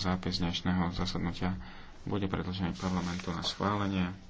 zápis dnešného zasadnutia bude predložený parlamentu na schválenie.